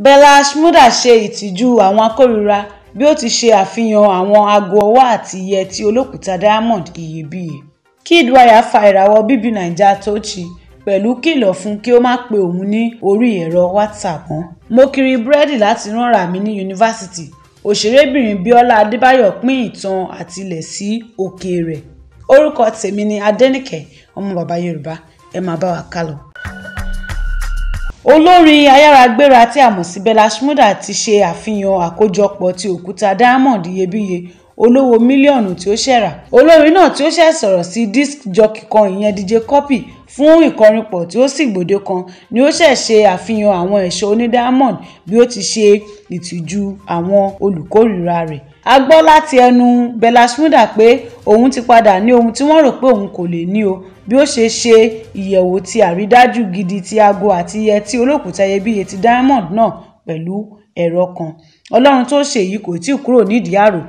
bella shmurda ṣe ìtìjú àwọn akórìíra bí ó ti ṣe àfihàn àwọn aago ọwọ́ àti yẹtí olókùúta diamond iyebíye Kid Wire fa ìràwọ̀ bíbí naija Tochi pẹ̀lú kìlọ̀ fún kí ó má pe òun ní orí ẹ̀rọ WhatsApp mọ́. mo kiri búrẹ́dì láti rán ra mi ní yunifásitì òṣèrébìnrin Bíọ́lá Adébáyọ̀ pín ìtàn àtilẹ̀ sí òkè rẹ̀ orúkọ tèmi ni Adẹ́nìkẹ́ ọmọ bàbá Yorùbá ẹ máa bá wa kálọ olórin ayáragbéra tí a mọ̀ sí Bella Shmurda ti ṣe àfihàn àkójọpọ̀ ti òkúta diamond iyebíye olówó mílíọ̀nù tí ó ṣẹ̀ rà olórin náà tí ó ṣẹ̀ sọ̀rọ̀ sí disc jockey kan ìyẹn DJ Cuppy fún ìkọrinpọ̀ tí ó sì gbòde kan ni ó ṣẹ̀ ṣe àfihàn àwọn ẹ̀ṣọ́ oní diamond bí ó ti ṣe ìtìjú àwọn olùkórìíra rẹ̀ a gbọ́ láti ẹnu Bella Shmurda pé òun ti padà ní ohun tí wọ́n rò pé òun kò lè ní o bí ó ṣe ṣe ìyẹ̀wò ti àrídájú gidi ti aago àti iye tí olókùúta iyebíye ti diamond náà pẹ̀lú ẹ̀rọ kan ọlọ́run tó ṣe èyí kò tí ì kúrò nídìí àrò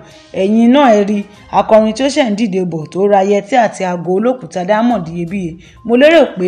ẹ̀yìn náà ẹ rí akọrin tó ṣẹ̀ ń dìde bọ̀ tó ra yẹtí àti aago olókùúta dámọ̀dì iyebíye mo lérò pé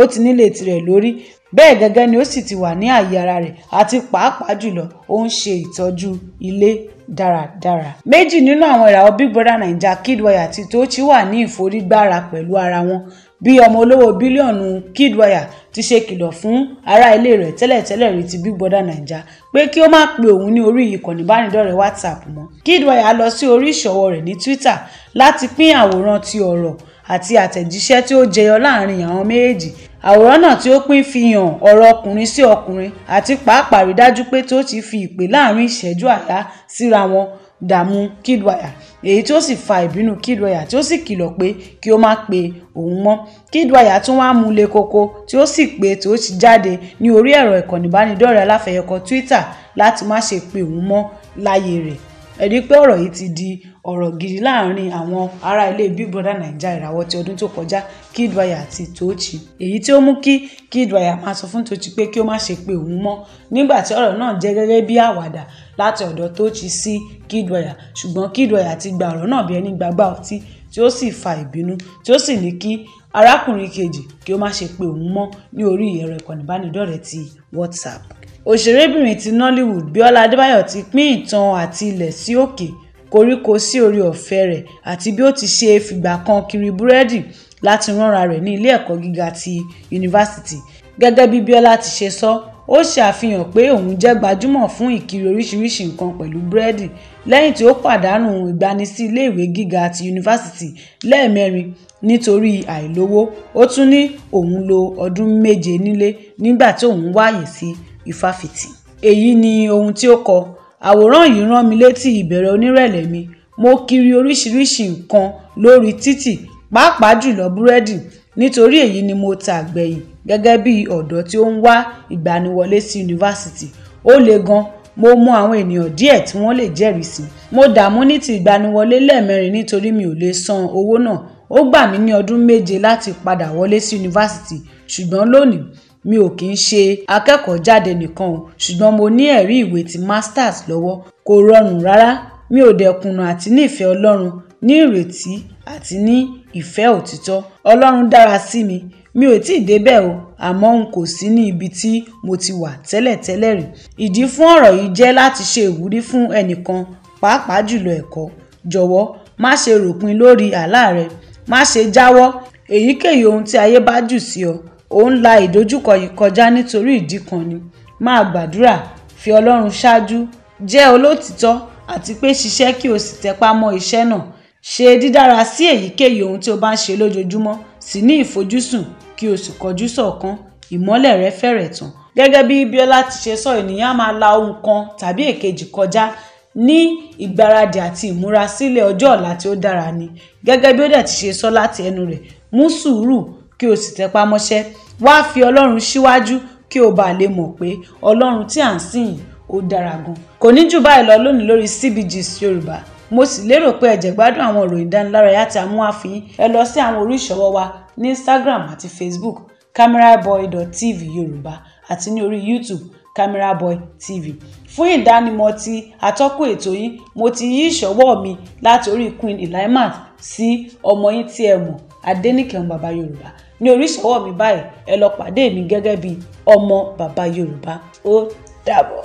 ó ti nílé tirẹ̀ lórí bẹ́ẹ̀ gẹ́gẹ́ ni ó sì ti wà ní àyè ara rẹ̀ àti pàápàá jùlọ ó ń ṣe ìtọ́jú ilé dáradára. méjì nínú àwọn ìràwọ̀ Big Brother Naija Kidwai àti Tochi wà ní ìforígbára pẹ̀lú ara wọn bí ọmọ olówó bílíọ̀nù kidwaya ti ṣe kìlọ̀ fún ará ilé rẹ̀ tẹ́lẹ̀tẹ́lẹ̀ rí ti Big Brother Naija pé kí ó má pe òun ní orí ìkànnì ìbánidọ́rẹ̀ẹ́ WhatsApp mọ́ kidwaya lọ sí orí ìṣọwọ́ rẹ̀ ní Twitter láti pín àwòrán ti ọ̀rọ̀ àti àtẹ̀jíṣẹ́ tí ó jẹyọ láàrin àwọn méjèèjì àwòrán náà tí ó pín fi hàn ọ̀rọ̀ ọkùnrin sí ọkùnrin àti pàápàá rí dájú pé tó ti fi ìpè láàrin ìṣẹ́jú àyá síra wọn dààmú Kidwaya èyí tí ó sì fa ìbínú Kidwaya tí ó sì kìlọ̀ pé kí ó má pe òun mọ́ Kidwaya tún wá mú le koko tí ó sì pé tí ó ti jáde ní orí ẹ̀rọ ìkànnì ìbánidọ́rẹ̀ẹ́ aláfẹ̀yẹkọ Twitter láti má ṣe pe òun mọ́ láyé rẹ̀ ẹ̀rí pé ọ̀rọ̀ yìí ti di ọ̀rọ̀ gidi láàárín àwọn ará ilé Big Brother Naija ìràwọ̀ ti ọdún tó kọjá Kidwaya àti Tochi èyí tí ó mú kí Kidwaya máa sọ fún Tochi pé kí ó má ṣe pé òun mọ́ nígbà tí ọ̀rọ̀ náà jẹ́ gẹ́gẹ́ bí àwàdà láti ọ̀dọ̀ Tochi sí Kidwaya ṣùgbọ́n Kidwaya ti gba ọ̀rọ̀ náà bí ẹni gbàgbà ọtí tí ó sì fa ìbínú tí ó sì ní kí arákùnrin kejì kí ó má ṣe pé òun mọ́ ní orí ẹ̀rọ ìkànnì ti WhatsApp òṣèrébìnrin ti Nollywood Bíọ́lá Adébáyọ̀ ti pín ìtàn àti ilẹ̀ sí òkè koríko sí oore ọ̀fẹ́ rẹ̀ àti bí ó ti ṣe fìgbà kan kiri búrẹ́dì láti ránra rẹ̀ ní ilé ẹ̀kọ́ gíga ti yunifásitì gẹ́gẹ́ bí Bíọ́lá ti ṣe sọ ó ṣe àfihàn pé òun jẹ́ gbajúmọ̀ fún ìkiri oríṣiríṣi nǹkan pẹ̀lú búrẹ́dì lẹ́yìn tí ó pàdánù ìgbanisí iléèwé gíga ti yunifásitì lẹ́ẹ̀mẹrin nítorí àìlówó ó tún ní òun lo ọdún méje nílé nígbà tí òun wáyè sí ifáfitì èyí ni ohun tí ó kọ àwòrán yìí rán mi létí ìbẹ̀rẹ̀ onírẹ̀lẹ̀ mi mo kiri oríṣiríṣi nǹkan lórí títì pàápàá jùlọ búrẹ́dì nítorí èyí ni mo ta gbẹ̀yìn gẹ́gẹ́ bí ọ̀dọ́ tí ó ń wá ìgbaniwọlé sí yunifásitì ó le gan mo mọ àwọn ènìyàn díẹ̀ tí wọ́n lè jẹ́rìí sí mo dààmú ní ti ìgbaniwọlé lẹ́ẹ̀mẹrin nítorí mi ò lè san owó náà ó gbà mí ní ọdún méje láti padà wọlé sí yunifásitì ṣùgbọ́n lónìí mi ò kì í ṣe akẹ́kọ̀ọ́ jáde nìkan o ṣùgbọ́n mo ní ẹ̀rí ìwé ti masters lọ́wọ́ kò rọrùn rárá mi ò dẹ̀ kùnà àti nífẹ̀ẹ́ ọlọ́run ní ìrètí àti ní ìfẹ́ òtítọ́ ọlọ́run dára sí mi mi ò tí ì débẹ̀ o àmọ́ n kò sí ní ibi tí mo ti wà tẹ́lẹ̀tẹ́lẹ̀ rí ìdí fún ọ̀rọ̀ yìí jẹ́ láti ṣe ìwúrí fún ẹnìkan pàápàá jùlọ ẹ̀kọ́ jọ̀wọ́ má ṣe ròpin lórí àlá rẹ má ṣe jáwọ́ èyíkéyìí ohun tí ayé bá jù sí ọ ò ń la ìdojúkọ yìí kọjá nítorí ìdí kan ni máa gbàdúrà fi ọlọ́run ṣáájú jẹ́ olótìtọ́ àti pé ṣiṣẹ́ kí o sì tẹpá mọ́ iṣẹ́ náà ṣe dídára sí èyíkéyìí ohun tí o bá ń ṣe lójoojúmọ́ sì ní ìfojúsùn kí o sì kọjú sọ̀kan ìmọ́lẹ̀ rẹ fẹ̀rẹ̀ tán gẹ́gẹ́ bí bíọ́lá ti ṣe sọ ènìyàn á máa la ohun kan tàbí èkejì kọjá ní ìgbáradì àti ìmúrasílẹ̀ ọjọ́ ọ̀la tí ó dára ni gẹ́gẹ́ bí ó dẹ̀ ti ṣe sọ láti ẹnu rẹ̀ mú sùúrù kí o sì tẹpá mọ́ṣẹ́ wá fi ọlọ́run síwájú kí o bàa lè mọ̀ pé ọlọ́run tí à ń sìn yìí ó dára gan kò ní jù báyìí lọ lónìí lórí CBGIS Yorùbá mo sì lérò pé ẹ gbádùn àwọn ìròyìn ìdánilárayá tí a mú àfihàn ẹ lọ sí àwọn orí ìṣọwọ́ wa ní Instagram àti Facebook cameraboy.tv Yorùbá àti ní orí YouTube camera boy tv fún ìdánimọ̀ ti atọ́kùn ètò yín mo ti yí ìṣọwọ́ mi láti orí queen elaimat sí ọmọ yín tí ẹ mọ̀ adẹnìkẹun bàbá yorùbá ní orí ìṣọwọ́ mi báyìí ẹ lọ pàdé mi gẹ́gẹ́ bí ọmọ bàbá yorùbá ó dàbọ̀.